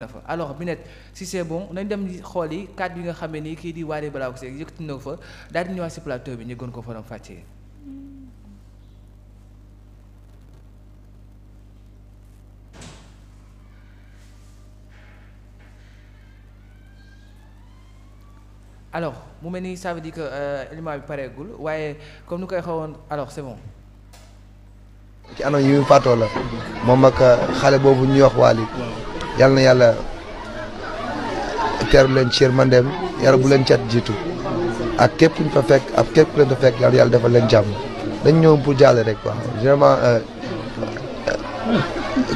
dafa alors Minette si c'est bon nañ dem xool yi kàddu yi nga xam ne nii kii di Wally Ballago Seck yëkkati na fa daal di ñëwaat si plateau bi ñu ko faram fàccee. alors mu mel ni ça veut dire que euh, élément bi pareegul waaye comme nu koy xawoon alors c'est bon. ci anam yi mu faatoo la moom ak xale boobu ñu wax Wally yàlla na yàlla teeru leen ci yërmandeem yàlla bu leen cat jiitu ak képp kuñ fa fekk ak képp ku leen fa fekk yàlla yàlla defal leen jàmm dañ ñëw pour jàll rek waaw vraiment euh,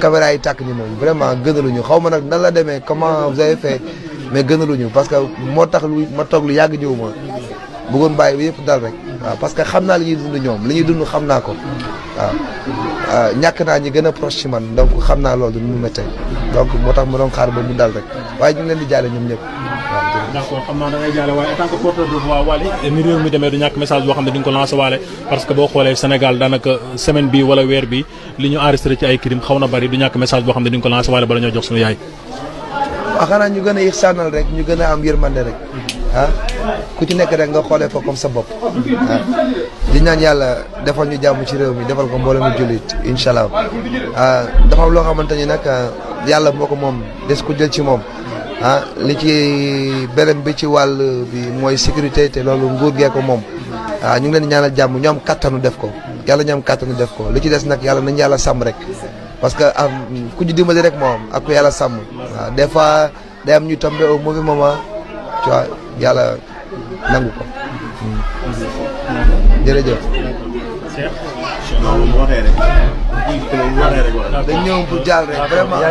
caméra yi tàkk ñu moom vraiment ñu xaw ma nag nan la demee comment vous avez gënalu ñu gënaluñu parce que moo tax lu ma toog yàgg ñëw ma bëggoon baay bi yëpp dal rek waaw parce que xam naa li ñuy dund ñoom li ñuy dund xam naa ko waaw ah, ñàkk naa ñi gën a proche ci man donc xam naa loolu nu mu méttee donc moo tax ma doon xaar ba mu dal rek waaye ñu leen di jaale ñoom ñëpp waaw d'accord xam naa da ngay du ñàkk ko lancé parce que boo xoolee Sénégal daanaka semaine bi wala weer bi li ñu enregistré ci ay crime xaw na bari du ñàkk message boo xam ne di nga ko lancé bala ñoo jox suñu yaay waaw ah, ñu gën a ixsaanal rek ñu gën a am yërmande rek ah ku ci nekk rek nga xoolee ko comme sa bopp ah di ñaan yàlla defal ñu jàmm ci réew mi defal ko mbooloo mu jullit incha allah ah dafa am loo xamante ni nag ah, yàlla moo ko moom des ko jël ci moom ah li ci beneen bi ci wàll bi mooy sécurité te loolu nguur gee ko moom ah, ñu ngi leen ñaanal jàmm ñoom kattanu def ko yàlla ñoom kattanu def ko li ci des nag yàlla nañ yàlla sàmm rek parce que ku ñu dimbali rek moo am ak ku yàlla sàmm. fois day am ñu tombé au mauvais moment tu vois nangu ko. Hmm. jërëjëf. dañ ñëw pour jaal rek vraiment.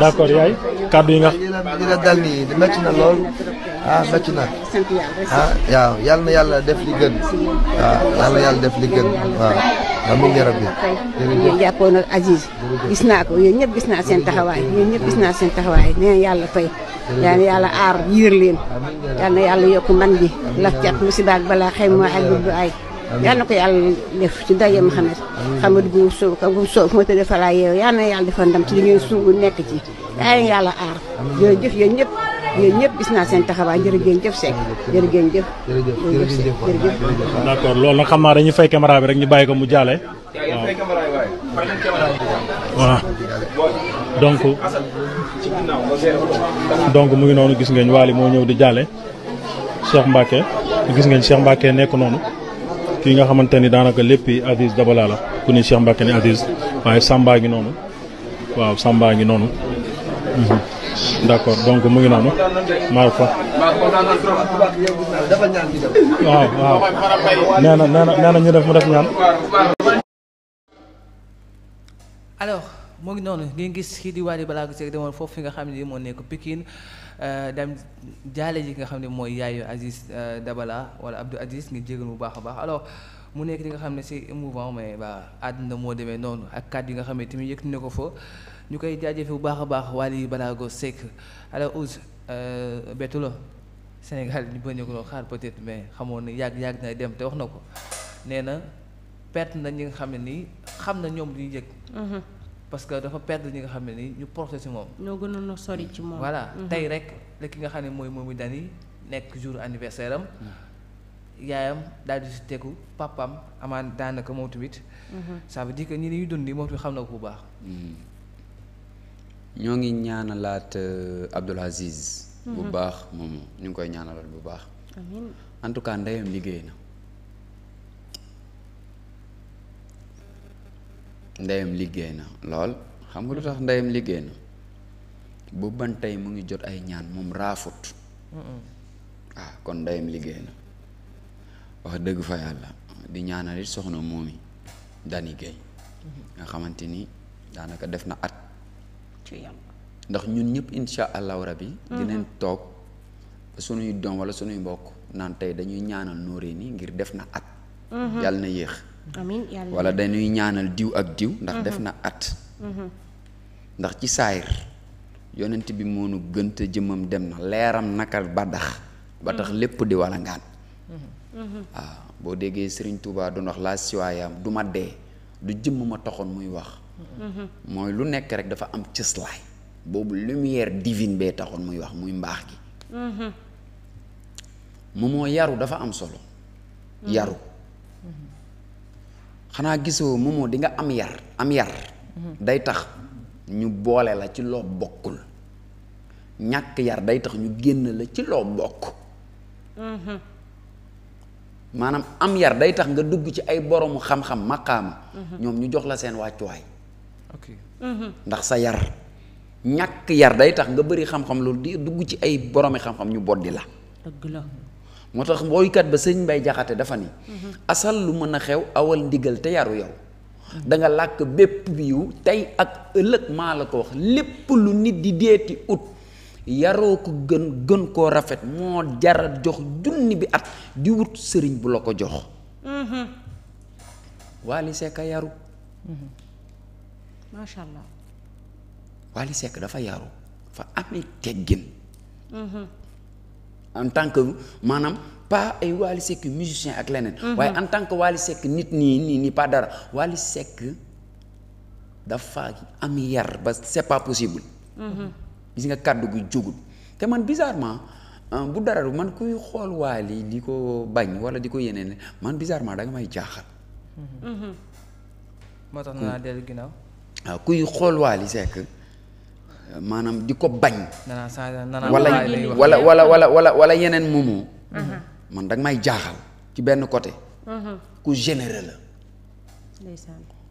d'accord yaay kàddu yi nga. li dal nii métti na lool. ah sàcc na ah waaw yal yàlla def li gën waaw ah, na yàlla def li gën waaw amin naa ko yéen ñëpp gis naa seen taxawaay yéen gis naa seen taxawaay nee yàlla fay yal yàlla aar yiir leen yal na yàlla yokk man bi laf cat musibaak balaa xëy moo ay gudd ko yàlla def ci daje Muhammad xamad gu gu soof moo tëdd fa laa yeew yal defal ndam ci li ngeen suugu nekk ci yal na yàlla aar jërëjëf yéen ñëpp yéen gis naa seen taxawaay jërë ngeen jëf Seck jërë jëf jërëjëf loolu na xam naa dañuy fay caméra bi rek ñu bàyyi ko mu jàllee waaw donc mu ngi noonu gis ngeen Waly moo ñëw di jaale Cheikh Mbacke gis ngeen Cheikh Mbacke nekk noonu fii nga xamante ni daanaka léppi Aziz Dabala la ku ni Cheikh Mbacke ni Aziz waaye Samba ngi noonu waaw Samba ngi noonu mhm. d' accord donc mu ngi noonu maa ko. waaw waaw nee ñu def mu def ñaan. alors moo ngi noonu ngeen gis kii di Wally Ballago Seck demoon foofu fi nga xam ne moo nekk Pikine euh, dam jaale ji nga xam ne mooy yaayu Aziz euh, Dabala wala Abdou Aziz ngi jégal bu baax a baax aloo mu nekk li nga xam ne c'est émouvant mais ba àdduna moo demee noonu ak kàddu yi nga xam ne tamit yëg na ko fo ñu koy jaajëfe bu baax a baax Waly Balago Seck alors Ousse euh, bettu la Sénégal ñu bañ a xaar peut-être mais xamoon ni yàgg yàgg na dem te wax na ko nee na perte na ñi nga xam ne nii xam na ñoom duñu yëg. Mhm. parce que dafa perdre ñi nga xam ne nii ñu projeté ci moom. ñoo gënoon a sori mhm. tey rek la ki nga xam ne mooy moomu dani nekk jour anniversaire am. Mhm. yaayam daal di si tegu papam amaan daanaka moom tamit. ça veut dire ñi ñuy dund moom tamit xam na ko bu baax. ñoo ngi ñaanalaat euh, Abdoul Aziz bu mhm. baax moom ñu ngi koy ñaanalaat bu baax amiin en tout cas ndeyam liggéey na ndeyam liggéey na lool xam nga lu tax ndeyam liggéey na bu ban tey mu ngi jot ay ñaan moom raafut ah kon ndeyam liggéey na wax dëgg fa yàlla di ñaanal it soxna moomi dani géey mm-hmm. nga xamante ni daanaka def na at ndax ñun ñëpp incha allahu rabi. Mhm. dinañ toog sunuy doom wala sunuy mbokk naan tey dañuy ñaanal nooree nii ngir def na at. Mhm. yàlla na yéex. amiin dañuy ñaanal diw ak diw. ndax mhm. def na at. ndax ci saayir yonent bi moonu gën te jëmmam dem na leeram naka ba dax ba tax lépp di walangaan waaw ah, boo déggee Serigne Touba doon wax laa siwaayam du ma dee du jëmm ma toxoon muy wax mooy lu nekk rek dafa am cëslaay boobu lumière divin bee taxoon muy wax muy mbaax gi mu moo yaru dafa am solo yaru xanaa gisoo moomoo di nga am yar am yar day tax ñu boole la ci loo bokkul ñàkk yar day tax ñu génn la ci loo bokk maanaam am yar day tax nga dugg ci ay boroomu xam-xam maqaama mhm. ñoom ñu jox la seen wàccuwaay Mm-hmm. ndax sa yar ñàkk yar day tax nga bëri xam-xam loolu di dugg ci ay boromi xam-xam ñu boddi la la moo tax woykat ba sëñ Mbay Jaxate dafa ni mm-hmm. asal lu mën a xew awal ndigal te yaru yow da nga làkk bépp biyu tey ak ëllëg maa la ko wax lépp lu nit di deeti ut yaroo ko gën gën koo rafet moo jara jox junni bi at di wut sëriñ bu la ko jox mm-hmm. Wally Seck a yaru macha allah. Wally Seck dafa yaru fa amee teggin. Mhm. en tant que maanaam pas ay Wally Seck musicien ak leneen. Mhm. waaye en tant que Wally Seck nit nii nii nii pas dara Wally Seck dafa am yar ba c'est pas possible. Mhm. gis nga kàddu gu jógul te man bizarrement euh, bu dara man kuy xool Wally di ko bañ wala di ko yeneen man bizarrement da may jaaxal. moo tax naa dellu ginnaaw. kuy xool Wally Seck maanaam di ko bañ. wala wala wala wala wala wala yeneen moomu. Mhm. man danga may jaaxal ci benn côté. Mhm. ku généreux la.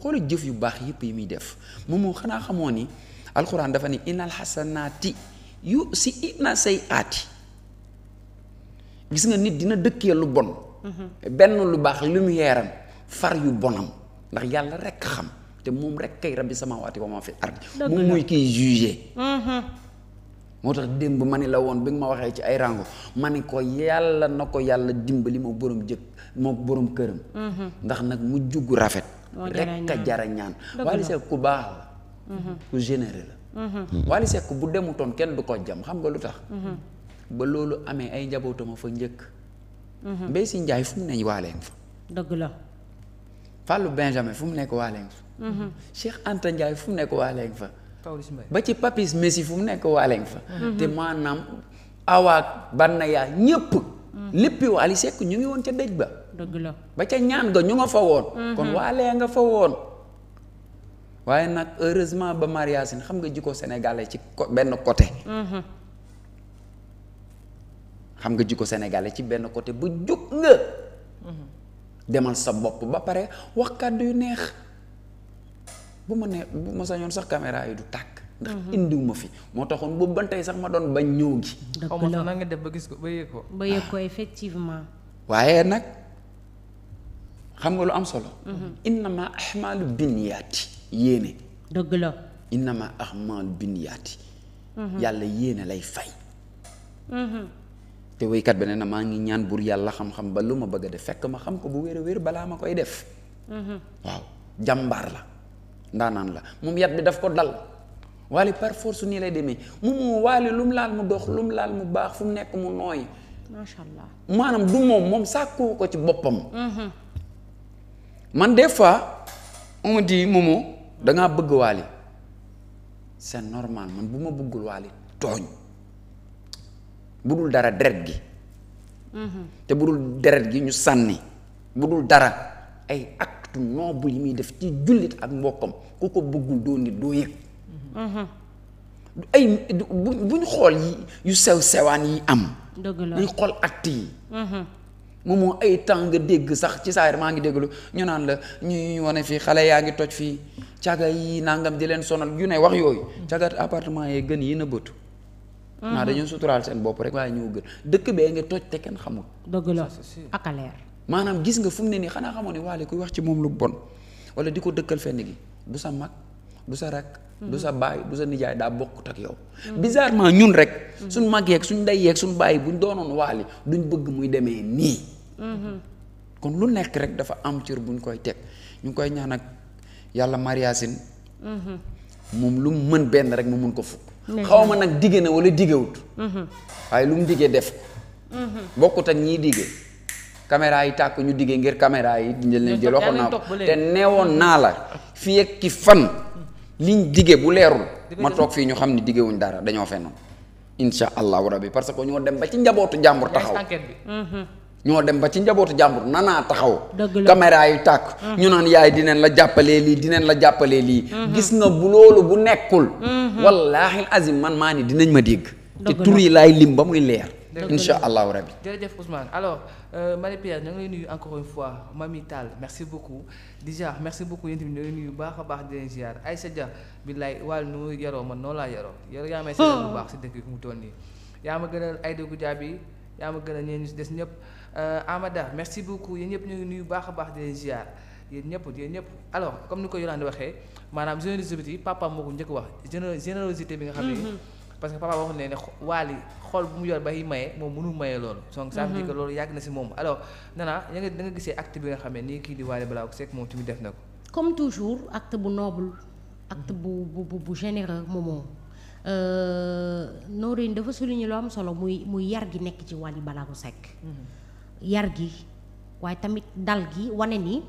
xoolu jëf yu baax yëpp yi muy def moomu xanaa xamoo ni alxuraan dafa ni inal xasanaati yu si ina say aati gis nga nit dina dëkkee lu bon. Mhm. benn lu baax lumière am far yu bonam ndax yàlla rekk xam. te moom rek kay rabbi samaawaati wa maa fi ard moom mooy kiy jugé mm-hmm. moo tax démb ma ni la woon bi nga ma waxee ci ay rango ma ni ko yàlla na ko yàlla dimbali moo borom jëkk moo borom këram mm-hmm. ndax nag mu juggu rafet rek a jara ñaan Wally Seck ku baax la mm-hmm. ku généré la Wally Seck bu demutoon kenn du ko jam xam nga lu tax ba loolu amee ay njabootama fa njëkk mbay si njaay fu mu la Fallou Benjamin fu nekk waaleeng fa Mhm. Cheikh Anta Ndiaye fu mu nekk waaleeng fa ba ci Papis Messi fu mu nekk waaleeng fa mhm. te maanaam awaak banna yaa ñépp mhm. léppi Wally Seck ñu ngi woon ca dëj ba dëgg ba ca ñaan ga ñu nga fa woon kon waalee nga fa woon waaye nag heureusement ba mariage xam nga jikko sénégalais ci benn côté xam nga jikko sénégalais ci benn côté bu jug nga demal sa bopp ba pare wax kàddu yu neex bu ma nee bu ma sañoon sax caméra du tàkk. ndax mhm. indiwuma fi moo tax boobu ban sax ma doon bañ ñëw gi. xaw nga def ba gis ko ba yëg ko. ba yëg ko effectivement. waaye nag xam nga lu am solo. Mhm. innama ahmaalu binniyaati yéene. dëgg la. innama ahmaalu binniyaati. Mhm. yàlla yéene lay fay. te woykat bi ne na maa ngi ñaan buur yàlla xam-xam ba lu ma bëgg a def fekk ma xam ko bu wér a wér balaa ma koy def. waaw jàmbaar la. ndaanaan la moom yat bi daf ko dal waali par su nii lay demee mu mu waali lu mu laal mu dox lu mu laal mu baax fu mu nekk mu nooy maanaam du moom moom sàkku ko ci boppam mhm. man des fois on me dangaa bëgg waali c'est normal man bu ma bëggul waali tooñ bu dul dara deret gi mhm. te bu dul deret gi ñu sànni bu dul dara ay acte acte noble yi muy def ci jullit ak mbokkam ku ko bëggul doo nit doo yëg mhm. ay buñ xool yi yu sew sewaan yi am dañ xool acte yi mu mhm. moo ay temps nga dégg sax ci saa maa ngi déglu ñu naan la ñu wane fii xale yaa ngi toj fii caga yi nangam di leen sonal yu ne wax yooyu caga appartement yee gën yi na bëtu mhm. naa dañoo suturaal seen bopp rek waaye ñoo gën dëkk bee nga toj te kenn xamul dëgg maanaam gis nga fu mu ne nii xanaa xamoo ne waale kuy wax ci moom lu bon wala di ko dëkkal fenn gi du sa mag du sa rak du sa baay du sa nijaay daa bokkut ak yow. Mm. bizarrement ñun rek. Mm. suñ mag yeeg suñ ndey yeeg suñ baay buñ doonoon waali duñ bëgg muy demee nii. Mm-hmm. kon lu nekk rek dafa am cër buñ koy teg ñu ngi koy ñaan ak yàlla mariasin mm-hmm. moom lu mu mën benn rek mu mun ko fukk. Mm-hmm. xaw ma nag digge na wala diggewut. waaye lu mu diggee def ko. bokkut caméra yi tàkk ñu diggee ngir caméra yi njël leen jël waxoon naa te neewoon naa la fi ak ki fan liñ diggee bu leerul ma toog fii ñu xam ni wuñ dara dañoo fennoon insha allahu rabbi parce que ñoo dem ba ci njabootu jàmbur taxaw mhm. ñoo dem ba ci njabootu jàmbur nanaa taxaw caméra yi tàkk mhm. ñu naan yaay dinañ la jàppalee lii dinañ la jàppalee lii mhm. gis nga bu loolu bu nekkul wallaahi azim man maa ni dinañ ma dégg te tur yi laay lim ba muy leer incha allahu rabbi jërëjëf Ousmane alors euh, Marie Pierre ñu ngi lay nuyu encore une fois Mami Tall merci beaucoup déjà merci beaucoup yéen tamit ñu lay nuyu baax a baax di leen ziar Aïssa Dia billaay wàll nu yaroo man noonu laa yaroo yaroo yaa may seetlu bu baax si dëkk bi mu toll nii yaa ma gënal Aïda Goudiaby yaa ma gënal ñeen ñu si des ñëpp euh, Amada merci beaucoup yéen ñëpp ñu ngi nuyu baax a baax di leen ziar yéen ñëpp yéen ñëpp alors comme ni ko Yolande waxee maanaam générosité bi papa moo ko njëkk wax générosité bi nga xam ne mm-hmm. parce que papa waxoon ne ne waali xool bu mu yor bay maye moom mënul maye loolu mhm. donc ça veut dire loolu yàgg na si moom alors nana ya nga da nga gisee acte bi nga xam ne nii kii di Wally Ballago Seck moom tamit na ko comme toujours acte bu noble acte mhm. bu bu bu généreux moomoo euh, dafa souligner lu am solo muy muy yar gi nekk ci Wally Ballago Seck mhm. yar gi waaye tamit dal gi wane ni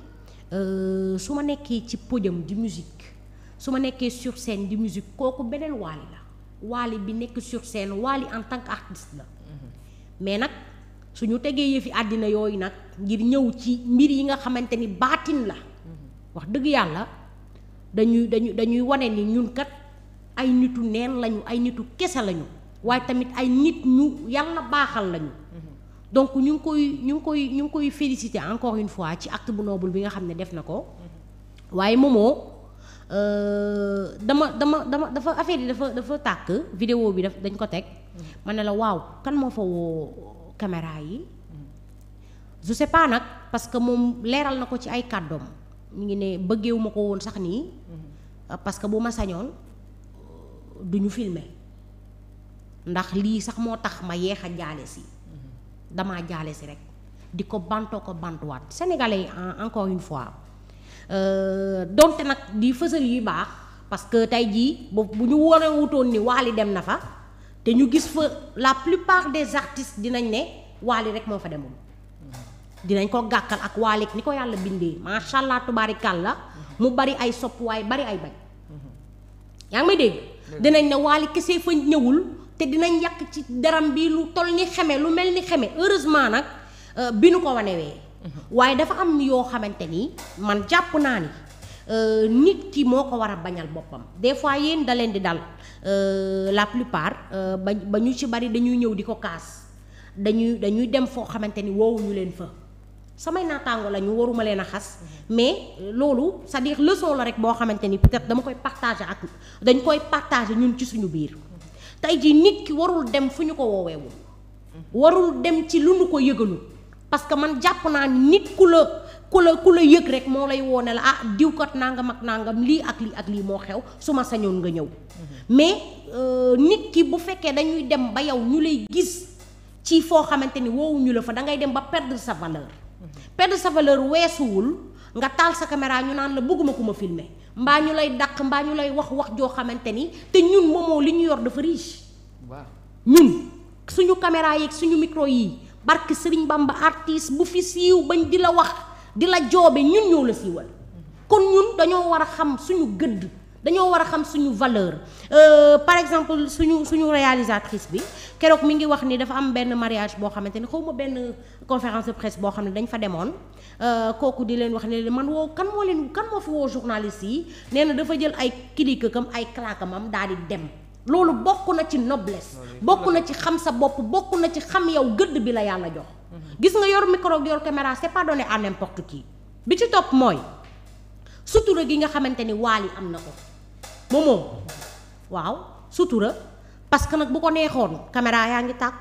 euh, su ma nekkee ci podium di musique su ma nekkee sur scène di musique kooku beneen Wally la waali bi nekk sur scène waali en tant que artiste la mais nag suñu tegee yëfi àddina yooyu nag ngir ñëw ci mbir yi nga xamante ni baatin la wax dëgg yàlla dañuy dañuy dañuy wane ni ñun kat ay nitu neen lañu ay nitu kese lañu waaye tamit ay nit ñu yàlla baaxal lañu donc ñu ngi koy ñu ngi koy ñu ngi koy féliciter encore une fois ci acte bu noble bi nga xam ne def na ko waaye moomoo Eh, dama dama dama dafa affaire yi dafa dafa tàkk vidéo bi daf dañ ko teg ma ne la waaw kan moo fa woo caméra yi je nag parce que moom leeral na ko ci ay kàddoom mu ngi ne bëggeewu ma ko woon sax nii mhm. parce que bu ma sañoon du ñu ndax lii sax moo tax ma yeex a jaale si mhm. damaa jaale si rek di ko bantoo ko bantuwaat sénégalais yi encore une fois Euh, donte nag di fësal yi baax parce que tey jii boobu bu ñu waree wutoon ni Wally dem na fa te ñu gis fa la plupart des artistes dinañ ne Wally rek moo fa demoon dinañ ko gàkkal ak Wally ni ko yàlla bindee macha allah la mu bari ay sopp waaye bari ay bañ yaa ngi may dégg dinañ ne Wally kese fa ñëwul te dinañ yàq ci daram bi lu toll ni xeme lu mel ni xeme heureusement nag euh, bi nu ko wanewee waaye dafa am yoo xamante ni man jàpp naa ni euh, nit ki moo ko war a bañal boppam des fois yéen da leen di dal euh, la plupart euh, ba ba ñu ci bari dañuy ñëw di ko kaas dañuy dañuy dem foo xamante ni woowuñu leen fa samay naataango la ñu waruma leen a xas mm-hmm. mais loolu sa à dire leçon la rek boo xamante ni peut-être dama koy partage ak dañ koy partager ñun ci suñu biir mm-hmm. tey jii nit ki warul dem fu ñu ko wooweewul mm-hmm. warul dem ci lu nu ko yëgalul parce que man jàpp naa ni nit ku la ku la ku la yëg rek moo lay woone la ah diwkat nangam ak nangam lii ak lii ak lii moo xew su ma sañoon nga ñëw mm-hmm. mais euh, nit ki bu fekkee dañuy dem ba yow ñu lay gis ci foo xamante ni woowu ñu la fa da ngay dem ba perdre sa valeur mm-hmm. perdre sa valeur weesuwul nga taal sa caméra ñu naan la bëgguma ku ma filmer mbaa ñu lay daq mbaa ñu lay wax wax joo xamante ni te ñun moomoo li ñu yor dafa riche waaw ñun suñu caméra yeeg suñu micro yi barke Sëriñ Bamba artiste bu fi siiw bañ di la wax di la joobe ñun ñëw la siiwal kon ñun dañoo war a xam suñu gëdd dañoo war a xam suñu valeur euh, par exemple suñu suñu réalisatrice bi keroog mi ngi wax ni dafa am benn mariage boo xamante ni xaw ma benn conférence de presse boo xam ne dañ fa demoon euh, kooku di leen wax ne man woo kan moo leen kan moo fi woo journaliste yi nee dafa jël ay clique kam ay claquemam daal di dem loolu bokk na ci noblesse bokk na ci xam sa bopp bokk na ci xam yow gëdd bi la yàlla jox mhm. gis nga yor micro yor caméra c'est pas donné à n'importe qui bi ci topp mooy sutura gi nga xamante ni waal yi am na ko moomoom waaw sutura parce que nag bu ko neexoon caméra yaa ngi tàkk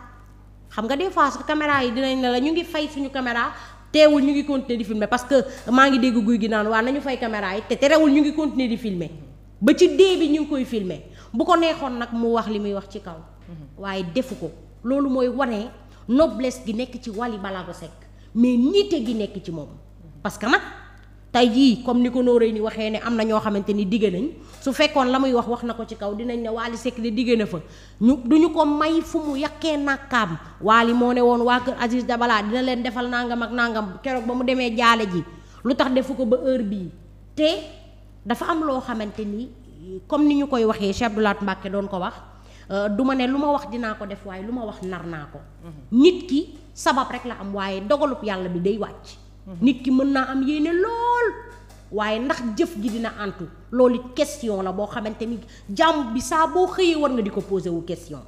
xam nga des fois caméra yi dinañ ne la ñu ngi fay suñu camera teewul ñu ngi continuer di filmer parce que maa ngi dégg guy gi naan waa nañu fay caméra yi te terewul ñu ngi continuer di filmer ba ci dee bi ñu ngi koy filmer bu ko neexoon nag mu wax li muy wax ci kaw waaye defu ko loolu mooy wane noblesse gi nekk ci Wally ko sekk mais niite gi nekk ci moom parce que nag tey jii comme ni ko ni waxee ne am na ñoo xamante ni digge nañ su fekkoon la muy wax wax na ko ci kaw dinañ ne Wally Seck di digge na fa ñu duñu ko may fu mu yàqee nakkaam Wally moo ne woon waa kër da Dabala dina leen defal nangam ak nangam keroog ba mu demee jaale ji lu tax defu ko ba heure bii te comme ni ñu koy waxee Cheikh Abdou Lahad Mbacké doon ko wax euh, du ma ne lu ma wax dinaa ko def waaye lu ma wax nar naa ko mhm. nit ki sabab rek la am waaye dogalub yàlla bi day wàcc mhm. nit ki mën naa am yéene lool waaye ndax jëf gi dina antu loolu it question la boo xamante ni jàmm bi saa boo xëyee war nga di ko posé wu question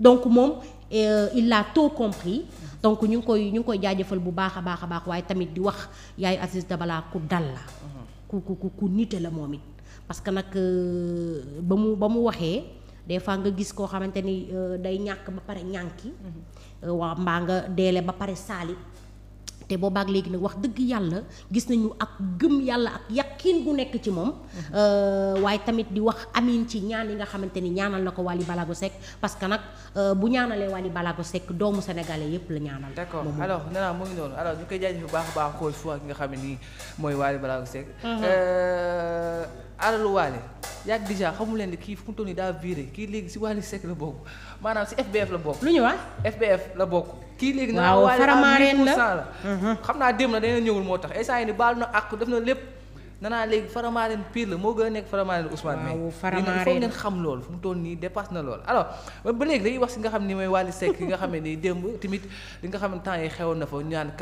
donc moom euh, il a tout compris donc ñu ngi koy ñu ngi koy jaajëfal bu baax a baax a baax waaye tamit di wax yaayu Aziz Dabala ku dal la mhm. ku ku ku nite parce que nag euh, ba mu ba mu waxee des fois nga gis koo xamante ni euh, day ñàkk ba pare ñànki mm-hmm. euh, waa mbaa nga deele ba pare saalit te boobaak léegi nag wax dëgg yàlla gis nañu ak gëm yàlla ak yàqin gu nekk ci moom euh, waaye tamit di wax amin ci ñaan yi nga xamante ni ñaanal na ko Wally Balago Seck parce que nag euh, bu ñaanalee Wally Balago sekk doomu sénégalais yëpp la ñaanal d'accord alors nee naa mu ngi noonu alors ñu koy jaajëf bu baax a baax xool fu ak nga xam ne nii mooy Wally Balago Seck mm-hmm. euh, alalu Wally yaa ngi déjà xamu leen ni kii fu mu toll nii daa viré kii léegi si Wally Seck la bokk maanaam si FBF la bokk. lu ñu wax FBF la bokk. kii léegi naa waaw faramareen la la. Mhm. moo tax instant yii nii baal na àq def na lépp. nanaa gën a nekk faramareen Ousmane. waaw faramareen mais foog ngeen xam loolu fu mu toll nii dépasse na loolu. alors ba léegi dañuy wax si nga xam ni mooy Wally Seck yi nga xam ne nii démb tamit li nga xam temps yi xewoon na fa ñaan